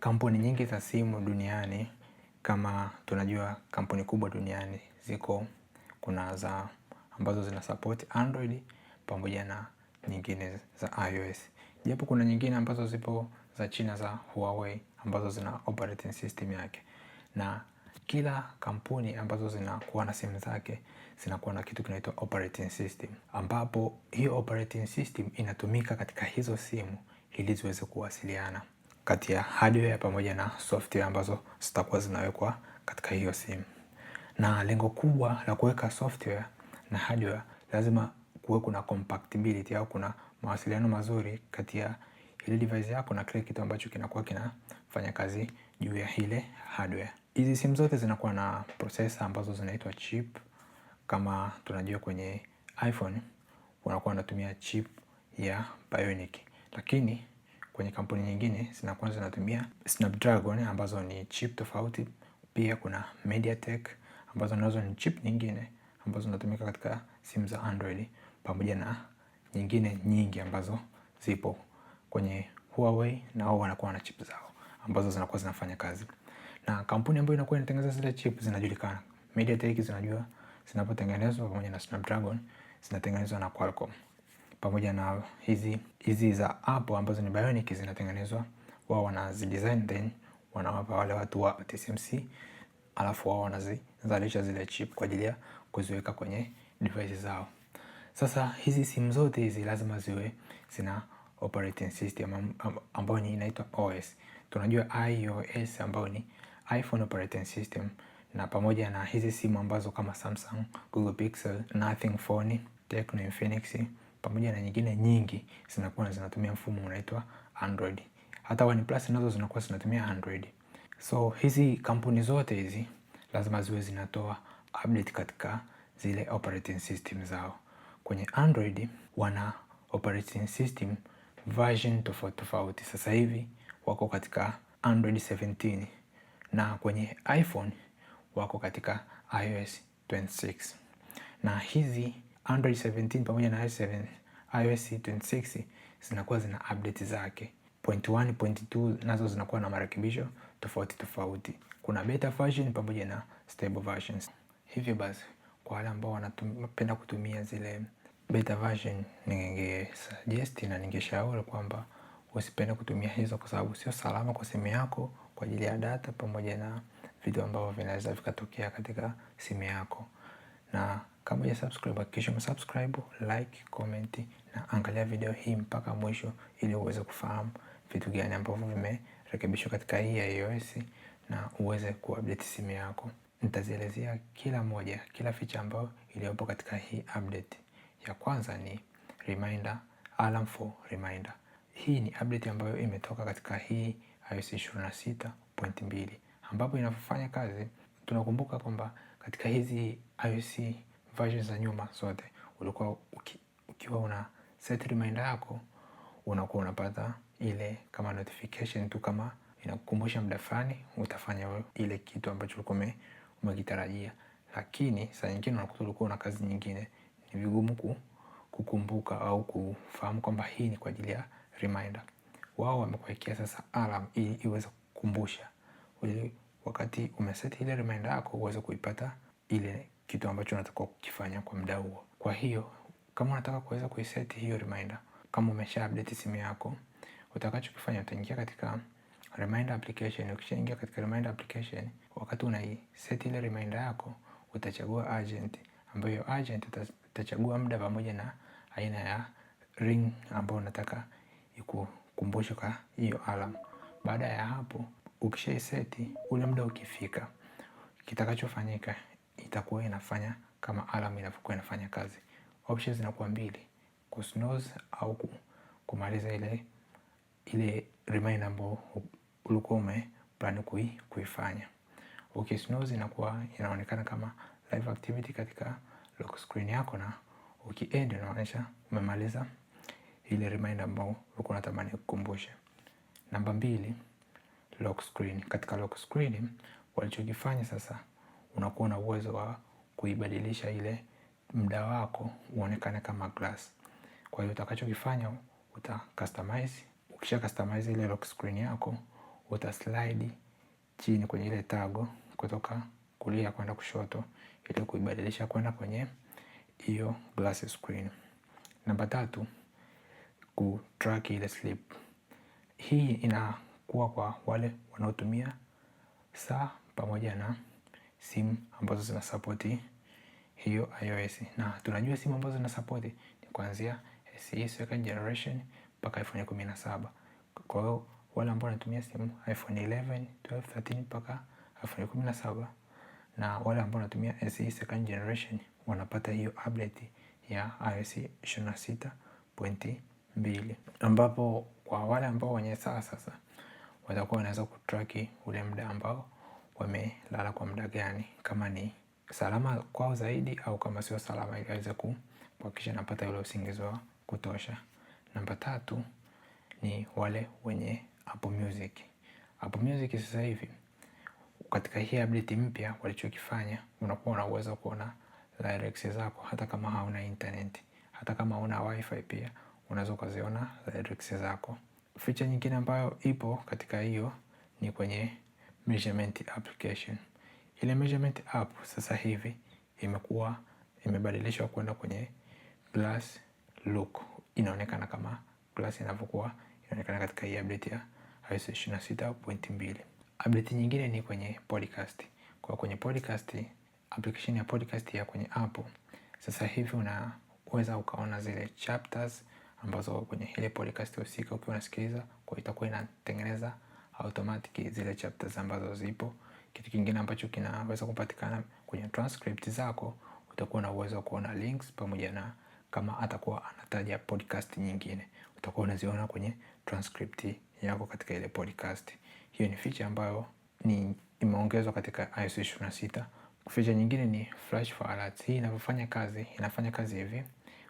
Kampuni nyingi za simu duniani kama tunajua kampuni kubwa duniani ziko kuna za ambazo zina support Android pamoja na nyingine za iOS. Japo kuna nyingine ambazo zipo za China za Huawei ambazo zina operating system yake. Na kila kampuni ambazo zinakuwa na simu zake zinakuwa na kitu kinaitwa operating system ambapo hiyo operating system inatumika katika hizo simu ili ziweze kuwasiliana kati ya hardware pamoja na software ambazo zitakuwa zinawekwa katika hiyo simu. Na lengo kubwa la kuweka software na hardware lazima kuwe kuna compatibility au kuna mawasiliano mazuri kati ya ile device yako na kile kitu ambacho kinakuwa kinafanya kazi juu ya ile hardware. Hizi simu zote zinakuwa na processor ambazo zinaitwa chip. Kama tunajua kwenye iPhone unakuwa unatumia chip ya Bionic, lakini kwenye kampuni nyingine zinakuwa zinatumia Snapdragon ambazo ni chip tofauti. Pia kuna MediaTek ambazo nazo ni chip nyingine ambazo zinatumika katika simu za Android pamoja na nyingine nyingi ambazo zipo kwenye Huawei, na wao wanakuwa na chip zao ambazo zinakuwa zinafanya kazi, na kampuni ambayo inakuwa inatengeneza zile chip zinajulikana. MediaTek zinajua zinapotengenezwa pamoja na Snapdragon zinatengenezwa na Qualcomm pamoja na hizi hizi za Apple ambazo ni bionic zinatengenezwa, wao wanazi design then wanawapa wale watu wa TSMC, alafu wao wanazizalisha zile chip kwa ajili ya kuziweka kwenye devices zao. Sasa hizi simu zote hizi lazima ziwe zina operating system ambayo ni inaitwa OS. Tunajua iOS ambayo ni iPhone operating system, na pamoja na hizi simu ambazo kama Samsung, Google Pixel, Nothing Phone, Tecno Infinix pamoja na nyingine nyingi zinakuwa zinatumia mfumo unaitwa Android. Hata OnePlus nazo zinakuwa zinatumia Android. So hizi kampuni zote hizi lazima ziwe zinatoa update katika zile operating system zao. Kwenye Android wana operating system version tofauti tofauti. Sasa hivi wako katika Android 17 na kwenye iPhone wako katika iOS 26 na hizi Android 17 pamoja na iOS iOS 26 zinakuwa zina update zake. Point 1, point 2 nazo zinakuwa na marekebisho tofauti tofauti. Kuna beta version pamoja na stable versions. Hivyo basi kwa wale ambao wanapenda kutumia zile beta version, suggest na ningeshauri kwamba usipende kutumia hizo, kwa sababu sio salama kwa simu yako kwa ajili ya data pamoja na vitu ambavyo vinaweza vikatokea katika simu yako. Na kama ya subscribe, hakikisha umesubscribe, like, comment na angalia video hii mpaka mwisho ili uweze kufahamu vitu gani ambavyo vimerekebishwa katika hii ya iOS na uweze kuupdate simu yako. Nitazielezea kila moja, kila feature ambayo iliyopo katika hii update. Ya kwanza ni reminder, alarm for reminder. Hii ni update ambayo imetoka katika hii iOS 26.2 ambapo inafanya kazi. Tunakumbuka kwamba katika hizi iOS versions za nyuma zote ulikuwa uki, ukiwa una set reminder yako, unakuwa unapata ile kama notification tu, kama inakukumbusha muda fulani utafanya ile kitu ambacho ulikuwa umekitarajia. Lakini saa nyingine unakuta ulikuwa na kazi nyingine, ni vigumu kukumbuka au kufahamu kwamba hii ni kwa ajili ya reminder. Wao wamekuwekea sasa alarm ili iweze kukumbusha ili wakati umeseti ile reminder yako uweze kuipata ile kitu ambacho unatakiwa kukifanya kwa muda huo. Kwa hiyo kama unataka kuweza kuiset hiyo reminder, kama umesha update simu yako, utakachokifanya utaingia katika reminder application. Ukishaingia katika reminder application, wakati unaiset ile reminder yako, utachagua agent, ambayo agent utachagua muda pamoja na aina ya ring ambayo unataka ikukumbushe kwa hiyo alarm. Baada ya hapo, ukisha ukishaiseti ule muda ukifika, kitakachofanyika itakuwa inafanya kama alarm inavyokuwa inafanya kazi options zinakuwa mbili, ku snooze au ku, kumaliza ile ile reminder ambayo ulikuwa ume plan kui, kuifanya. Okay, snooze inakuwa inaonekana kama live activity katika lock screen yako na ukiend inaonyesha umemaliza ile reminder ambayo ulikuwa unatamani kukumbusha. Namba mbili, lock screen. Katika lock screen walichokifanya sasa unakuwa na uwezo wa kuibadilisha ile muda wako uonekane kama glass. Kwa hiyo utakachokifanya uta customize, ukisha customize ile lock screen yako, uta slide chini kwenye ile tago kutoka kulia kwenda kushoto ili kuibadilisha kwenda kwenye hiyo glass screen. Namba tatu, track ile sleep. Hii inakuwa kwa wale wanaotumia saa pamoja na simu ambazo zinasapoti hiyo iOS, na tunajua simu ambazo zina support ni kuanzia SE second generation mpaka iPhone 17. Kwa hiyo wale ambao wanatumia simu iPhone 11, 12, 13 mpaka iPhone 17 na wale ambao wanatumia SE second generation wanapata hiyo update ya iOS 26.2 ambapo kwa wale ambao wenye saa sasa watakuwa wanaweza kutraki ule muda ambao wamelala kwa muda gani, kama ni salama kwao zaidi, au kama sio salama, ili aweze kuhakikisha napata yule usingizi wa kutosha. Namba tatu ni wale wenye Apple Music. Apple Music sasa hivi katika hii update mpya walichokifanya, unakuwa na uwezo kuona lyrics zako hata kama hauna internet, hata kama hauna wifi pia unaweza kuziona lyrics zako. Feature nyingine ambayo ipo katika hiyo ni kwenye measurement application. Ile measurement app sasa hivi imekuwa imebadilishwa kwenda kwenye glass look. Inaonekana kama glass inavyokuwa inaonekana katika hii update ya iOS 26.2. Update nyingine ni kwenye podcast. Kwa kwenye podcast, application ya podcast ya kwenye Apple sasa hivi unaweza ukaona zile chapters ambazo kwenye ile podcast husika ukiwa unasikiliza, kwa itakuwa inatengeneza automatic zile chapters ambazo zipo kitu kingine ambacho kinaweza kupatikana kwenye transcript zako, utakuwa na uwezo wa kuona links pamoja na kama atakuwa anataja podcast nyingine, utakuwa unaziona kwenye transcript yako katika ile podcast. Hiyo ni feature ambayo ni imeongezwa katika iOS 26. Feature nyingine ni flash for alerts. Hii inavyofanya kazi, inafanya kazi hivi.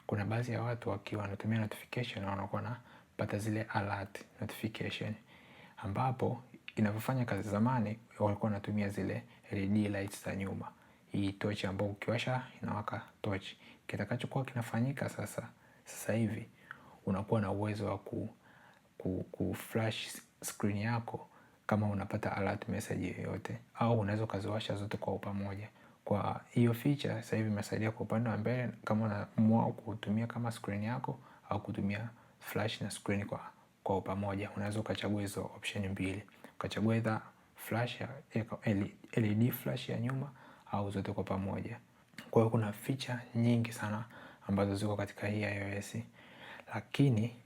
Kuna baadhi ya watu wakiwa wanatumia notification na wanakuwa wanapata zile alert notification ambapo inavyofanya kazi, zamani walikuwa wanatumia zile LED lights za nyuma, hii tochi ambayo ukiwasha inawaka tochi. Kitakachokuwa kinafanyika sasa, sasa hivi unakuwa na uwezo wa ku, ku, ku flash screen yako kama unapata alert message yoyote, au unaweza ukaziwasha zote kwa upamoja Kwa hiyo feature sasa hivi imesaidia kwa upande wa mbele, kama unaamua kutumia kama screen yako au kutumia flash na screen kwa kwa upamoja unaweza ukachagua hizo option mbili ukachagua either flash ya LED flash ya nyuma au zote kwa pamoja. Kwa hiyo kuna feature nyingi sana ambazo ziko katika hii iOS. Lakini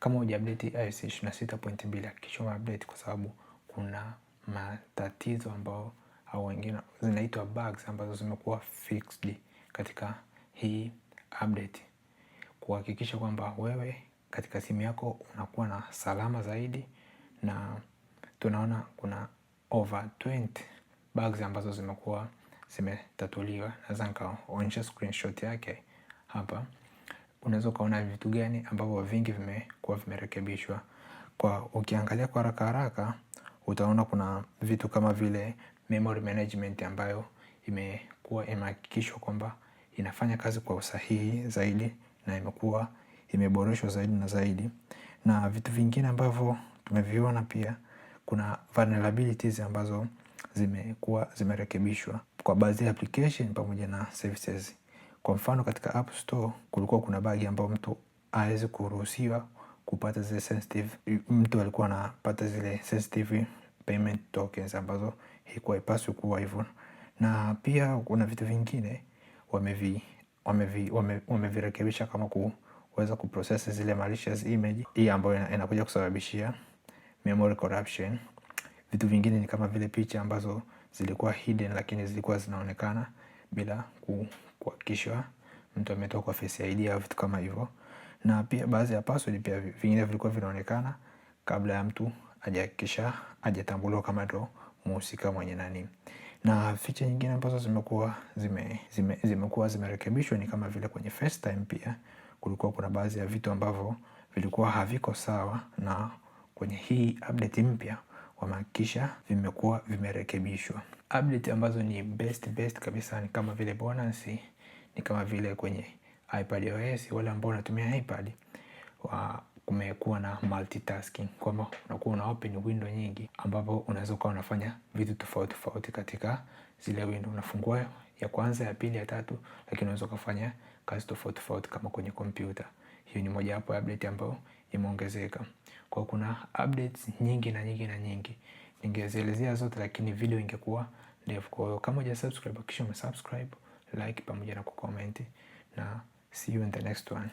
kama hujaupdate iOS 26.2 hakikisha umeupdate kwa sababu kuna matatizo ambao au wengine zinaitwa bugs ambazo zimekuwa fixed katika hii update. Kuhakikisha kwamba wewe katika simu yako unakuwa na salama zaidi na tunaona kuna over 20 bugs ambazo zimekuwa zimetatuliwa. Naweza nikaonyesha screenshot yake hapa, unaweza ukaona vitu gani ambavyo vingi vimekuwa vimerekebishwa. Kwa ukiangalia kwa haraka haraka, utaona kuna vitu kama vile memory management ambayo imekuwa imehakikishwa kwamba inafanya kazi kwa usahihi zaidi na imekuwa imeboreshwa zaidi na zaidi, na vitu vingine ambavyo tumeviona pia kuna vulnerabilities ambazo zimekuwa zimerekebishwa kwa baadhi ya application pamoja na services. Kwa mfano katika App Store kulikuwa kuna bagi ambayo mtu hawezi kuruhusiwa kupata zile sensitive, mtu alikuwa anapata zile sensitive payment tokens ambazo ilikuwa ipaswi kuwa hivyo, na pia kuna vitu vingine wamevi wamevirekebisha kama kuweza kuprocess zile malicious image hii ambayo inakuja kusababishia memory corruption. Vitu vingine ni kama vile picha ambazo zilikuwa hidden lakini zilikuwa zinaonekana bila kuhakikishwa mtu ametoa kwa Face ID au vitu kama hivyo. Na pia baadhi ya password pia vingine vilikuwa vinaonekana kabla ya mtu hajahakikisha hajatambuliwa kama ndo mhusika mwenye nani. Na feature nyingine ambazo zimekuwa zime zimekuwa zimerekebishwa ni kama vile kwenye FaceTime pia kulikuwa kuna baadhi ya vitu ambavyo vilikuwa haviko sawa na kwenye hii update mpya wamehakikisha vimekuwa vimerekebishwa. Update ambazo ni best best kabisa ni kama vile bonus, ni kama vile kwenye iPad OS, wale ambao wanatumia iPad wa kumekuwa na multitasking kwamba unakuwa una open window nyingi, ambapo unaweza ukawa unafanya vitu tofauti tofauti katika zile window. Unafungua ya kwanza, ya pili, ya tatu, lakini unaweza ukafanya kazi tofauti tofauti kama kwenye kompyuta hiyo ni moja wapo ya update ambayo imeongezeka. Kwa kuna updates nyingi na nyingi na nyingi. Ningezielezea zote lakini video ingekuwa ndefu. Kwa hiyo kama hujasubscribe hakikisha umesubscribe, like pamoja na kucomment na see you in the next one.